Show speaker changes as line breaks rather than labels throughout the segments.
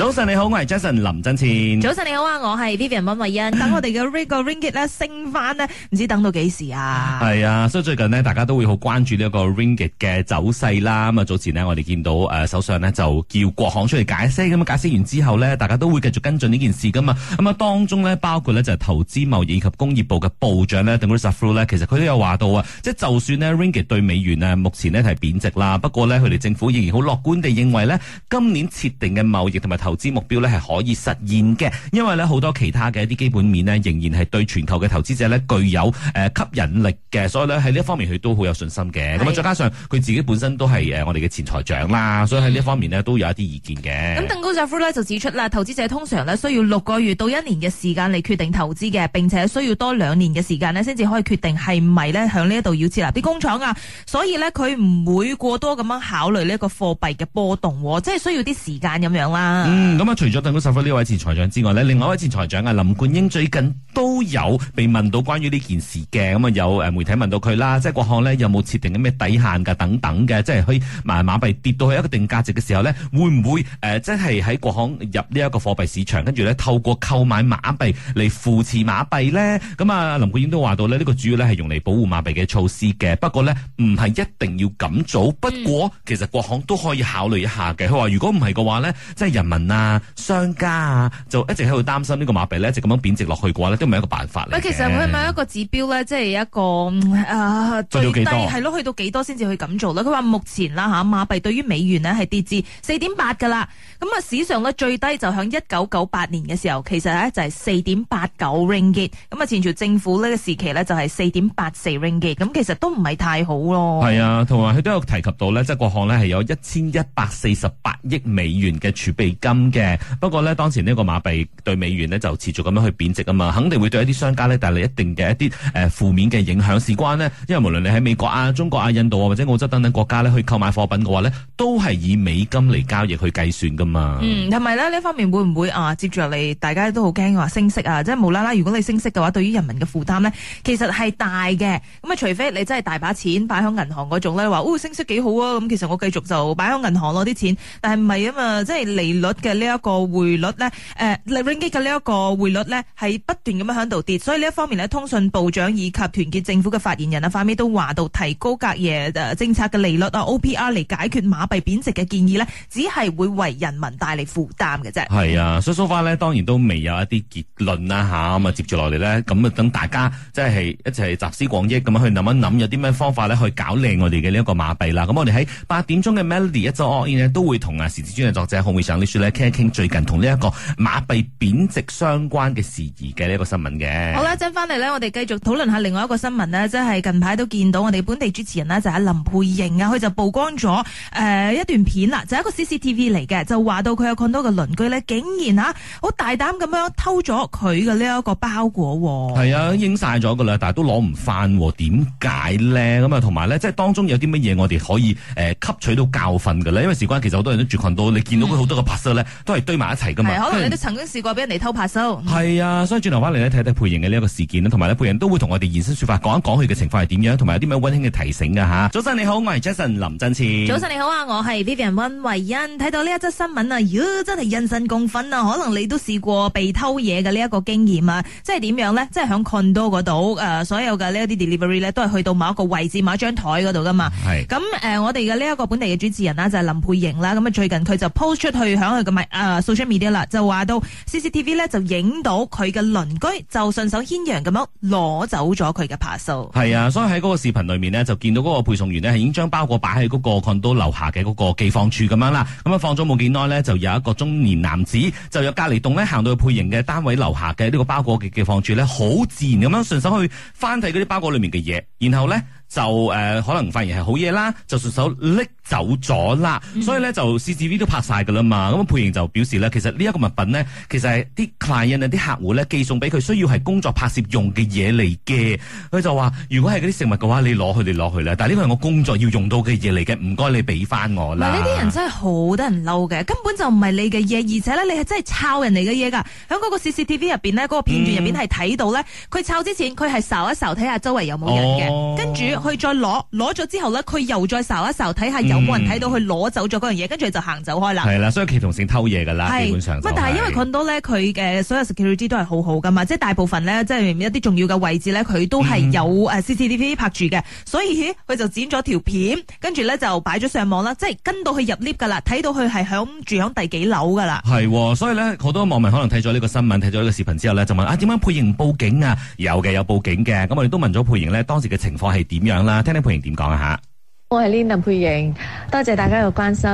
早晨你好，我係 Jason 林真前。早晨
你好啊，我係 Vivian 溫慧欣。等我哋嘅呢個 Ringgit 咧升翻呢，唔知等到幾時啊？
係 啊，所以最近呢，大家都會好關注呢一個 Ringgit 嘅走勢啦。咁、嗯、啊，早前呢，我哋見到誒首相呢，呃、就叫國行出嚟解釋，咁啊解釋完之後呢，大家都會繼續跟進呢件事噶嘛。咁、嗯、啊、嗯嗯、當中呢，包括呢，就係、是、投資貿易及工業部嘅部長呢 Tengku Zafrul，其實佢都有話到啊，即係就算呢 Ringgit 對美元呢，目前呢係貶值啦，不過呢，佢哋政府仍然好樂觀地認為呢，今年設定嘅貿易同埋投投資目標咧係可以實現嘅，因為咧好多其他嘅一啲基本面咧仍然係對全球嘅投資者咧具有誒吸引力嘅，所以咧喺呢一方面佢都好有信心嘅。咁啊，再加上佢自己本身都係誒我哋嘅前財長啦，所以喺呢方面咧都有一啲意見嘅。咁、嗯、鄧
高上夫咧就指出啦，投資者通常咧需要六個月到一年嘅時間嚟決定投資嘅，並且需要多兩年嘅時間咧先至可以決定係咪咧響呢一度要設立啲工廠啊。所以咧佢唔會過多咁樣考慮呢個貨幣嘅波動，即係需要啲時間咁樣啦。
嗯，咁啊，除咗鄧光壽呢位前財長之外咧，另外一位前財長啊林冠英最近都。都有被問到關於呢件事嘅，咁、嗯、啊有誒媒體問到佢啦，即係國行咧有冇設定啲咩底限㗎等等嘅，即係去馬馬幣跌到去一個定價值嘅時候咧，會唔會誒即係喺國行入呢一個貨幣市場，跟住咧透過購買馬幣嚟扶持馬幣咧？咁、嗯、啊林冠英都話到咧，呢、呢個主要咧係用嚟保護馬幣嘅措施嘅，不過咧唔係一定要咁做，不過其實國行都可以考慮一下嘅。佢話如果唔係嘅話咧，即係人民啊、商家啊，就一直喺度擔心呢個馬幣咧，就咁樣貶值落去嘅話咧，都唔係一個。辦法。其實佢係咪一
個指標咧？即係一個啊、呃，最低係咯，去到幾多先至去咁做咧？佢話目前啦嚇、啊、馬幣對於美元呢係跌至四點八㗎啦。咁、嗯、啊史上呢最低就響一九九八年嘅時候，其實呢就係、是、四點八九 ringgit、嗯。咁啊前朝政府呢個時期呢就係、是、四點八四 ringgit、嗯。咁其實都唔係太好咯。係啊，同埋
佢都有提及到、嗯、呢，即係國行呢係有一千一百四十八億美元嘅儲備金嘅。不過呢，當前呢個馬幣對美元呢就持續咁樣去貶值啊嘛，肯定會對。一啲商家咧，帶嚟一定嘅一啲誒負面嘅影響。事關呢，因為無論你喺美國啊、中國啊、印度啊或者澳洲等等國家咧，去購買貨品嘅話咧，都係以美金嚟交易去計算噶嘛。嗯，
係咪咧？呢方面會唔會啊？接住落嚟，大家都好驚話升息啊！即係無啦啦，如果你升息嘅話，對於人民嘅負擔咧，其實係大嘅。咁啊，除非你真係大把錢擺喺銀行嗰種咧，話哦升息幾好啊！咁其實我繼續就擺喺銀行攞啲錢。但係唔係啊嘛？即係利率嘅呢一個匯率咧，誒利率嘅呢一個匯率咧，係不斷咁樣響度跌，所以呢一方面呢，通訊部長以及團結政府嘅發言人啊，快尾都話到提高隔夜誒政策嘅利率啊，O P R 嚟，解決馬幣貶值嘅建議呢，只係會為人民帶嚟負擔嘅啫。係啊，
所以 so far 咧，當然都未有一啲結論啦吓，咁、嗯、啊接住落嚟呢，咁啊等大家即係一齊集思廣益咁去諗一諗，有啲咩方法呢去搞靚我哋嘅呢一個馬幣啦。咁我哋喺八點鐘嘅 Melody 一周 on 呢，都會同啊時事專欄作者洪會長呢書呢，傾一傾最近同呢一個馬幣貶值相關嘅事宜嘅呢一個新聞。好啦，
一陣翻嚟咧，我哋繼續討論下另外一個新聞呢，即係近排都見到我哋本地主持人呢，就阿、是、林佩瑩啊，佢就曝光咗誒、呃、一段片啦，就是、一個 CCTV 嚟嘅，就話到佢有咁多個鄰居呢，竟然吓好大膽咁樣偷咗佢嘅呢一個包裹，
係啊，影晒咗噶啦，但係都攞唔翻，點解咧？咁啊，同埋呢，即係當中有啲乜嘢我哋可以誒、呃、吸取到教訓噶啦，因為事關其實好多人住都住到你見到佢好多個拍收咧，都係堆埋一齊噶嘛。可能你都
曾經試過俾人哋偷拍收。
係啊，所以轉頭翻嚟啲佩瑩嘅呢一個事件同埋咧，佩瑩都會同我哋現身説法，講一講佢嘅情況係點樣，同埋有啲咩温馨嘅提醒嘅嚇。早晨你好，我係 Jason 林振詞。早晨你
好啊，我係 Vivian 温慧欣。睇到呢一則新聞啊，真係人神共憤啊！可能你都試過被偷嘢嘅呢一個經驗啊，即係點樣咧？即係響 Condo 嗰度、呃、所有嘅呢一啲 delivery 咧，都係去到某一個位置、某一張台嗰度噶嘛。咁誒、呃，我哋嘅呢一個本地嘅主持人啦，就係、是、林佩瑩啦。咁啊，最近佢就 post 出去響佢嘅咪 social media 啦，就話到 CCTV 咧就影到佢嘅鄰居。就順手牽羊咁樣攞走咗佢嘅扒數。
係啊，所以喺嗰個視頻裏面呢，就見到嗰個配送員呢，係已經將包裹擺喺嗰個 condo 樓下嘅嗰個寄放處咁樣啦。咁啊放咗冇幾耐呢，就有一個中年男子，就由隔離棟呢行到去配型嘅單位樓下嘅呢個包裹嘅寄放處呢，好自然咁樣順手去翻睇嗰啲包裹裏面嘅嘢，然後呢。就誒、呃、可能發現係好嘢啦，就順手拎走咗啦、嗯，所以咧就 CCTV 都拍晒㗎啦嘛。咁佩瑩就表示咧，其實呢一個物品呢，其實係啲客人啊、啲客戶咧寄送俾佢，需要係工作拍攝用嘅嘢嚟嘅。佢就話：如果係嗰啲食物嘅話，你攞佢哋攞去啦。但係呢個係我工作要用到嘅嘢嚟嘅，唔該你俾翻我啦。嗱，呢啲人
真係好得人嬲嘅，根本就唔係你嘅嘢，而且咧你係真係抄人哋嘅嘢㗎。喺嗰個 CCTV 入邊呢，嗰、那個片段入邊係睇到咧，佢、嗯、抄之前佢係睄一睄睇下周圍有冇人嘅，跟、哦、住。佢再攞攞咗之後呢，佢又再睄一睄，睇下有冇人睇到佢攞走咗嗰樣嘢，跟住就行走開啦。係
啦，所以歧同性偷嘢噶啦，基本上、就是。但係因
為佢都呢，佢嘅所有 security 都係好好噶嘛，即、就、係、是、大部分呢，即、就、係、是、一啲重要嘅位置呢，佢都係有 CCTV、嗯、拍住嘅，所以佢就剪咗條片，跟住呢就擺咗上網啦，即係跟到佢入 lift 噶啦，睇到佢係響住響第幾樓噶啦。
係，所以呢好多網民可能睇咗呢個新聞，睇咗呢個視頻之後呢，就問啊點解配型唔報警啊？有嘅，有報警嘅。咁我哋都問咗配型呢，當時嘅情況係點樣？講啦，聽聽佩瑩點講吓。
我係 Linda 佩瑩，多謝大家嘅關心。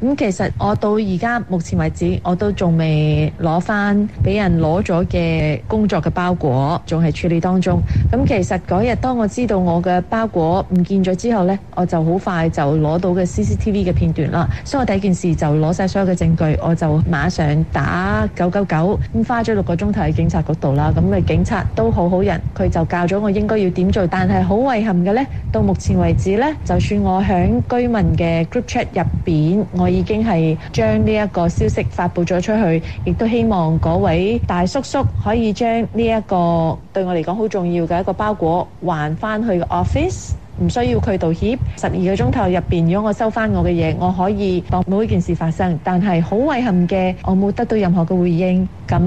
咁其實我到而家目前為止，我都仲未攞翻，俾人攞咗嘅工作嘅包裹，仲係處理當中。咁其實嗰日當我知道我嘅包裹唔見咗之後呢，我就好快就攞到嘅 CCTV 嘅片段啦。所以我第一件事就攞晒所有嘅證據，我就馬上打九九九。咁花咗六個鐘頭喺警察嗰度啦。咁嘅警察都好好人，佢就教咗我應該要點做。但係好遺憾嘅呢，到目前為止呢，就算。我喺居民嘅 group chat 入便我已經係將呢一個消息發布咗出去，亦都希望各位大叔叔可以將呢一個對我嚟講好重要嘅一個包裹還返去 office。唔需要佢道歉。十二個鐘頭入面，如果我收翻我嘅嘢，我可以當冇一件事發生。但係好遺憾嘅，我冇得到任何嘅回應。咁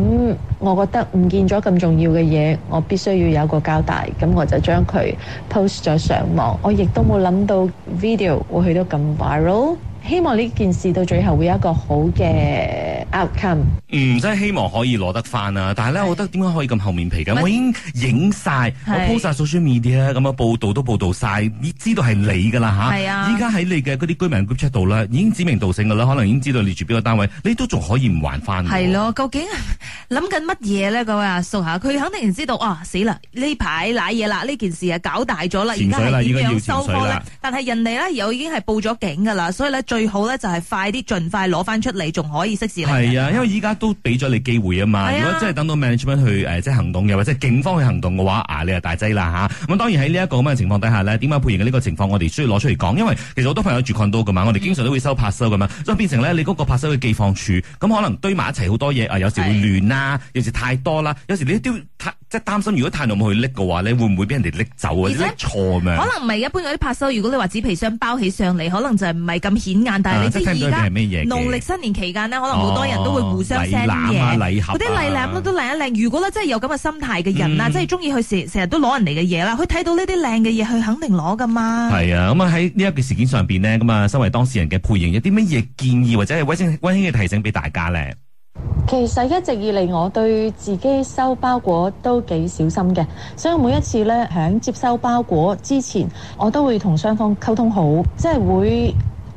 我覺得唔見咗咁重要嘅嘢，我必須要有一個交代。咁我就將佢 post 咗上網。我亦都冇諗到 video 會去到咁 viral。希望呢件事到最後會有一個好嘅
outcome 唔真係希望可以攞得翻啊！但係咧，我覺得點解可以咁厚面皮嘅？我已經影晒，我 po 曬所有 media，咁樣報道都報道晒，你知道係你噶啦吓？係啊！依家喺你嘅嗰啲居民 group 出度啦，已經指名道姓噶啦，可能已經知道你住邊個單位，你都仲可以唔還翻？係
咯，究竟諗緊乜嘢咧？各位阿叔嚇，佢肯定知道啊！死啦！呢排瀨嘢啦，呢件事啊搞大咗啦，而家係點樣收波咧？但係人哋咧又已經係報咗警噶啦，所以咧最好咧就係快啲，儘快攞翻出嚟，仲可以適時係啊，因為
依家都俾咗你機會啊嘛、哎。如果真係等到 management 去誒、呃，即係行動嘅，或者是警方去行動嘅話，啊，你又大劑啦吓。咁、啊嗯、當然喺呢一個咁嘅情況底下咧，點解配型嘅呢個情況，我哋需要攞出嚟講？因為其實好多朋友住 condo 噶嘛，我哋經常都會收拍收噶嘛、嗯，所以變成咧你嗰個拍收嘅寄放處，咁可能堆埋一齊好多嘢啊、呃，有時會亂啦、啊，有時太多啦，有時你一丟即係擔心，如果太耐冇去拎嘅話咧，你會唔會俾人哋拎走啊？而且錯咩？可能
唔係一般嗰啲拍手。如果你話紙皮箱包起上嚟，可能就係唔係咁顯眼。啊、但係你知、啊、即係而家係咩嘢。農曆新年期間咧，可能好多人都會互相 send 嘢禮籃啊，禮盒、啊，嗰啲禮籃都都靚一靚。如果咧真係有咁嘅心態嘅人，嗯就是、人啊，即係中意去成成日都攞人哋嘅嘢啦，佢睇到呢啲靚嘅嘢，佢肯定攞噶嘛。係啊，咁
啊喺呢一件事件上邊咧，咁啊身為當事人嘅配型，有啲乜嘢建議或者係温馨温馨嘅提醒俾大家咧？
其實一直以嚟，我對自己收包裹都幾小心嘅，所以每一次呢，喺接收包裹之前，我都會同雙方溝通好，即係會，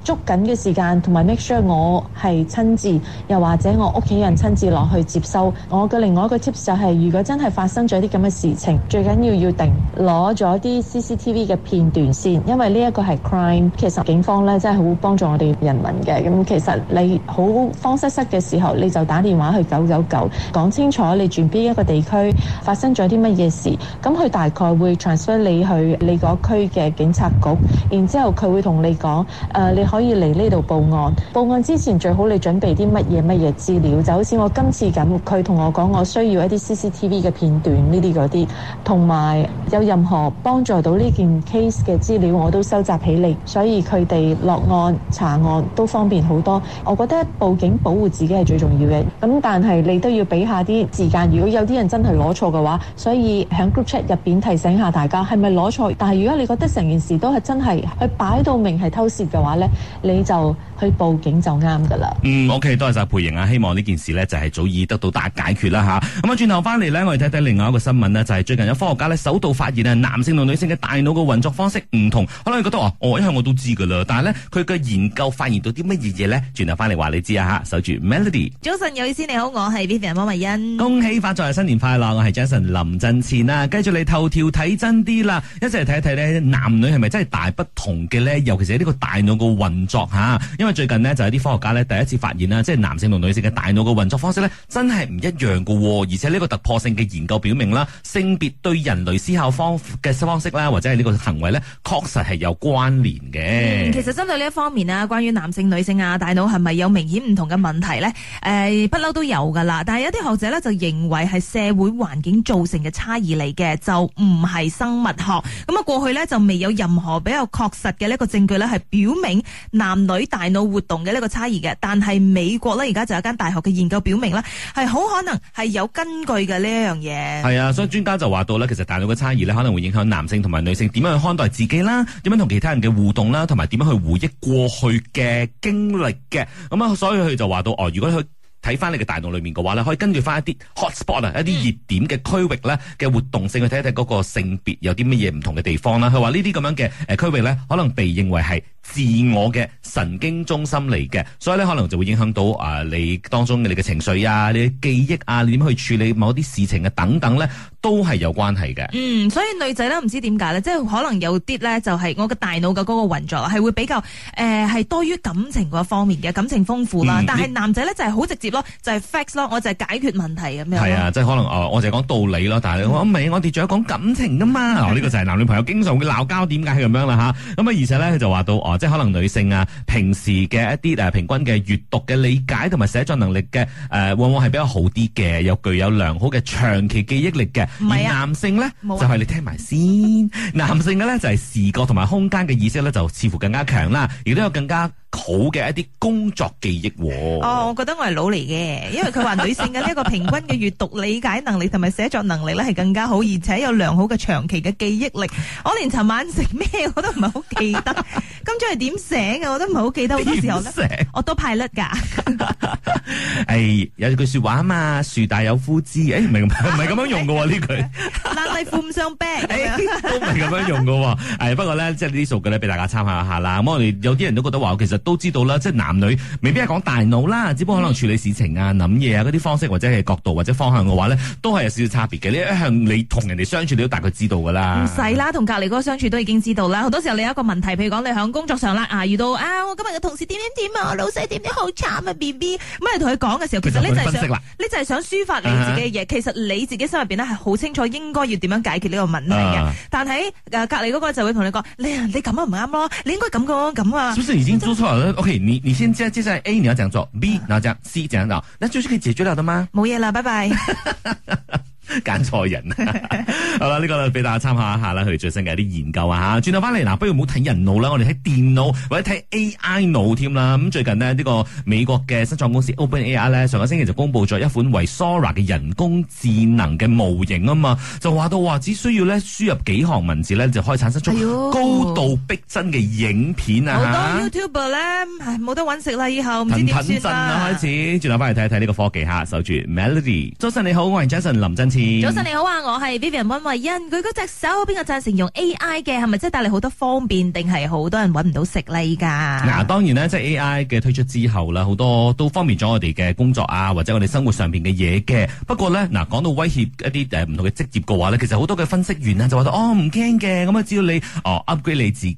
捉緊嘅時間，同埋 make sure 我係親自，又或者我屋企人親自落去接收。我嘅另外一個 tips 就係、是，如果真係發生咗啲咁嘅事情，最緊要要定攞咗啲 CCTV 嘅片段先，因為呢一個係 crime。其實警方咧真係好幫助我哋人民嘅。咁其實你好慌失失嘅時候，你就打電話去九九九，講清楚你住邊一個地區發生咗啲乜嘢事，咁佢大概會 transfer 你去你嗰區嘅警察局，然之後佢會同你講，呃，你可以嚟呢度報案。報案之前最好你準備啲乜嘢乜嘢資料，就好似我今次咁，佢同我講我需要一啲 CCTV 嘅片段呢啲嗰啲，同埋有，有任何幫助到呢件 case 嘅資料，我都收集起嚟。所以佢哋落案查案都方便好多。我覺得報警保護自己係最重要嘅。咁但係你都要俾下啲時間。如果有啲人真係攞錯嘅話，所以喺 group chat 入邊提醒一下大家係咪攞錯。但係如果你覺得成件事都係真係去擺到明係偷竊嘅話呢。你就。去報
警就啱噶啦。嗯，OK，多謝晒培盈啊！希望呢件事呢，就係早已得到得解決啦吓，咁啊，轉頭翻嚟呢，我哋睇睇另外一個新聞咧，就係最近有科學家呢，首度發現啊，男性同女性嘅大腦嘅運作方式唔同。可能你覺得哦，我一向我都知噶啦，但係呢，佢嘅研究發現到啲乜嘢嘢呢？轉頭翻嚟話你知啊吓，守住 Melody。
早晨，有意思你好，我係 Vivian 汪慧欣。
恭喜發財，新年快樂！我係 Jason 林振前啊，繼續你頭條睇真啲啦，一齊睇睇呢，男女係咪真係大不同嘅呢？尤其是呢個大腦嘅運作嚇。因為最近呢，就有啲科學家咧第一次，發現啦，即係男性同女性嘅大腦嘅運作方式呢，真係唔一樣噶，而且呢個突破性嘅研究表明啦，性別對人類思考方嘅方式啦，或者係呢個行為呢，確實係有關聯嘅，嗯。其
實針
對呢一方面啊，關於男性、女性啊，大腦係咪有明顯唔同嘅問題呢？誒、欸，不嬲都有噶啦，但係有啲學者呢就認為係社會環境造成嘅差異嚟嘅，就唔係生物學。咁啊過去呢，就未有任何比較確實嘅呢個證據咧，係表明男女大腦。有活動嘅呢個差異嘅，但係美國咧而家就有間大學嘅研究表明啦，係好可能係有根據嘅呢一樣嘢。係
啊，所以專家就話到咧，其實大腦嘅差異咧，可能會影響男性同埋女性點樣去看待自己啦，點樣同其他人嘅互動啦，同埋點樣去回憶過去嘅經歷嘅。咁啊，所以佢就話到哦，如果佢。睇翻你嘅大腦裏面嘅話咧，可以跟住翻一啲 hotspot 一啲熱點嘅區域咧嘅活動性去睇一睇嗰個性別有啲乜嘢唔同嘅地方啦。佢話呢啲咁樣嘅誒區域咧，可能被認為係自我嘅神經中心嚟嘅，所以咧可能就會影響到啊你當中嘅你嘅情緒啊，你嘅記憶啊，你點去處理某啲事情啊等等咧，都係有關係嘅。
嗯，所以女仔咧唔知點解咧，即係可能有啲咧就係我嘅大腦嘅嗰個運作係會比較誒係，呃，多於感情嗰方面嘅，感情豐富啦。嗯，但係男仔咧就係好直接。就係 fact 咯，我就係解決問題咁、啊、樣。
係啊，即係可能、呃嗯、哦，我就係講道理咯。但係我諗，我哋仲有講感情噶嘛？呢、嗯哦這個就係男女朋友經常會鬧交點解係咁樣啦吓。咁啊，而且咧就話到哦、呃，即係可能女性啊，平時嘅一啲誒平均嘅閱讀嘅理解同埋寫作能力嘅誒、呃，往往係比較好啲嘅，又具有良好嘅長期記憶力嘅。係、啊、男性咧就係、是、你聽埋先，男性嘅咧就係視覺同埋空間嘅意識咧，就似乎更加強啦，亦都有更加。好嘅一啲工作記憶喎、哦。
哦，我覺得我係老嚟嘅，因為佢話女性嘅呢一個平均嘅閱讀 理解能力同埋寫作能力咧係更加好，而且有良好嘅長期嘅記憶力。我連尋晚食咩我都唔係好記得， 今朝係點醒嘅我都唔係好記得。好多時候咧， 我都派甩㗎。誒、 哎、
有句説話啊嘛，樹大有枯枝。誒唔係唔係咁樣用嘅喎呢句。
男低婦唔相逼。誒
都唔係咁樣用嘅喎、 哎。不過咧，即係呢啲數據咧俾大家參考一下啦。咁我哋有啲人都覺得話其實。都知道啦，即係男女未必係講大腦啦，只不過可能處理事情啊、諗嘢啊嗰啲方式或者係角度或者方向嘅話咧，都係有少少差別嘅。你一向你同人哋相處，你都大概知道㗎啦。唔使
啦，同隔離嗰個相處都已經知道啦。好多時候你有一個問題，譬如講你喺工作上啦啊，遇到啊我今日嘅同事點點點啊，我老細點點好慘啊，B B，咁你同佢講嘅時候，其實你就係想，你就係想抒發你自己嘅嘢。Uh -huh. 其實你自己心入邊咧係好清楚應該要點樣解決呢個問題嘅。Uh -huh. 但喺、啊、隔離嗰個就會同你講，你，你啊你咁啊唔啱咯，你應該咁講咁啊。啊是不是
已經哦、o、OK, K，你你先接接下來 A，你要點做 B，然後樣 C 點搞，哦，那就是可以解決
了的嗎？冇嘢啦，拜拜。
揀錯人。 好啦，呢、這個啦，俾大家參考一下啦，佢哋最新嘅一啲研究啊吓。轉頭翻嚟，嗱，不如唔好睇人腦啦，我哋睇電腦或者睇 AI 腦添啦。咁最近呢，呢、這個美國嘅新創公司 OpenAI 咧，上個星期就公布咗一款為 Sora 嘅人工智能嘅模型啊嘛，就話到話只需要咧輸入幾行文字咧，就可以產生出高度逼真嘅影片啊。好、哎、多
YouTuber 咧，冇得搵食啦，以後唔知點算啦。騰騰開
始轉頭翻嚟睇一睇呢個科技吓，守住 Melody。早晨你好，我係 Jason 林振。早晨你好
啊，我係 Vivian 溫慧欣。佢嗰隻手邊個贊成用 AI 嘅，係咪即係帶嚟好多方便，定係好多人揾唔到食啦？依家嗱，
當然呢，即係 AI 嘅推出之後啦，好多都方便咗我哋嘅工作啊，或者我哋生活上邊嘅嘢嘅。不過咧，嗱，講到威脅一啲誒唔同嘅職業嘅話咧，其實好多嘅分析員啊就話到哦唔驚嘅，咁啊只要你哦 upgrade 你自己，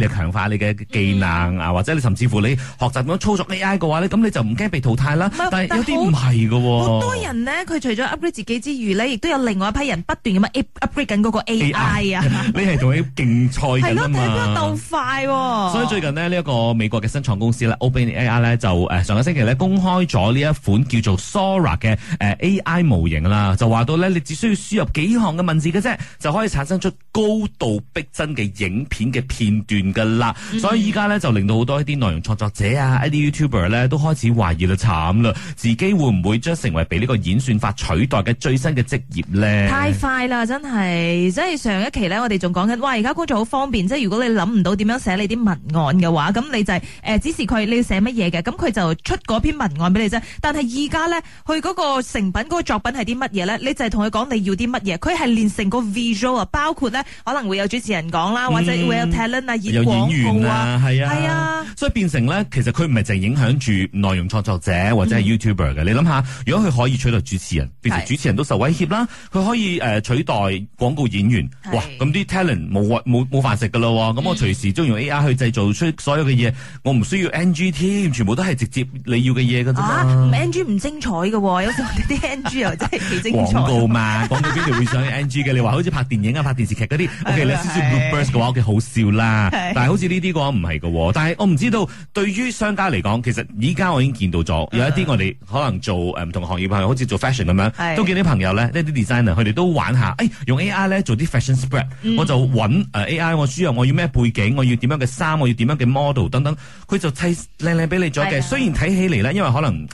你強化你嘅技能啊、嗯，或者你甚至乎你學習咁樣操作 AI 嘅話咧，咁你就唔驚被淘汰啦。但係有啲唔係嘅，好多人咧
佢除咗 upgrade 自己之餘。亦都有另外一批人不斷咁樣 up upgrade 緊嗰個 AI 啊！
你係同佢競賽緊啊嘛、 鬥
快喎，所以最
近呢，呢、這、一個美國嘅新創公司咧 OpenAI 咧就誒、呃、上個星期咧公開咗呢一款叫做 Sora 嘅誒、呃、AI 模型啦，就話到咧你只需要輸入幾行嘅文字嘅啫，就可以產生出高度逼真嘅影片嘅片段嘅啦、嗯。所以依家咧就令到好多一啲內容創作者啊，一啲 YouTuber 咧都開始懷疑啦，慘啦，自己會唔會將成為被呢個演算法取代嘅最新嘅職業咧，太
快啦，真係！即係上一期咧，我哋仲講緊，哇！而家工作好方便，即係如果你諗唔到點樣寫你啲文案嘅話，咁你就係、是、誒、呃、指示佢你要寫乜嘢嘅，咁佢就出嗰篇文案俾你啫。但係而家咧，佢嗰個成品嗰、那個作品係啲乜嘢咧？你就係同佢講你要啲乜嘢，佢係練成個 visual 啊，包括咧可能會有主持人講啦，或者會有 talent 啊、嗯、演廣告有演員啊，係啊，啊，
所以變成咧，其實佢唔係淨影響住內容創作者或者係 YouTuber 嘅、嗯。你諗下，如果佢可以取代主持人，其實主持人都受威啦，佢可以誒、呃、取代廣告演員哇！咁啲 talent 冇冇冇冇飯食噶咯喎！咁我隨時都用 AR 去製造出所有嘅嘢，我唔需要 N G 添，全部都係直接你要嘅嘢噶啫嘛！唔 N G 唔精彩噶喎，
有 時啲 N G 又真係幾精彩 廣
告嘛，廣告邊條會上 N G 嘅？你話好似拍電影啊、拍電視劇嗰啲，OK，let's say r s t 嘅話，OK 好笑啦。但係好似呢啲嘅話唔係噶喎。但係我唔知道對於商家嚟講，其實依家我已經見到咗有一啲我哋可能做唔同行業朋友好似做 fashion 咁樣，都見啲朋友咧。呢啲 designer 佢哋都玩下，誒、哎、用 AI 咧做啲 fashion spread，嗯、我就揾誒、呃、AI 我需要我要咩背景，我要點樣嘅衫，我要點樣嘅 model 等等，佢就砌靚靚俾你咗嘅、嗯。雖然睇起嚟咧，因為可能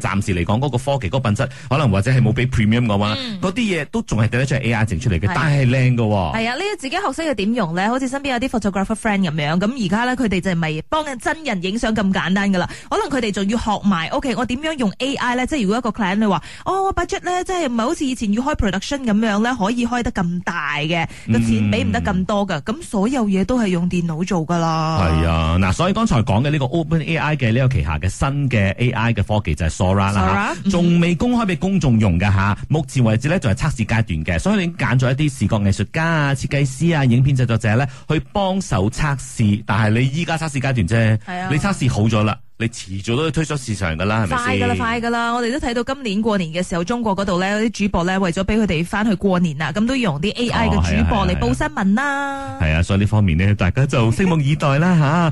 暫時嚟講嗰個科技嗰、那個、品質可能或者係冇比 premium 嘅話嗰啲嘢都仲係做得出 AI 整出嚟嘅、嗯，但係靚嘅。係啊，呢、這、
啲、個、自己學識要點用咧？好似身邊有啲 photographer friend 咁樣，咁而家咧佢哋就係咪幫緊真人影相咁簡單嘅啦？可能佢哋仲要學埋 OK，我點樣用 AI 咧？即係如果一個 client 你話，哦，我 budget 咧，即係唔係好似以前？以前要開 production 咁樣咧，可以開得咁大嘅，個錢俾唔得咁多噶，咁、嗯、所有嘢都係用電腦做噶啦。係
啊，嗱，所以剛才講嘅呢個 Open AI 嘅呢個旗下嘅新嘅 AI 嘅科技就係 Sora 啦，仲未公開俾公眾用噶吓，目前為止咧就係測試階段嘅，所以你揀咗一啲視覺藝術家啊、設計師啊、影片製作者咧去幫手測試，但係你依家測試階段啫、係啊，你測試好咗啦。你遲早都要推咗市場噶啦，係咪？快噶啦，快
噶啦！我哋都睇到今年過年嘅時候，中國嗰度咧，有啲主播咧，為咗俾佢哋翻去過年啊，咁都要用啲 AI 嘅主播嚟報新聞啦。
係、哦、啊，啊，啊，啊，所以呢方面咧，大家就拭目以待啦吓。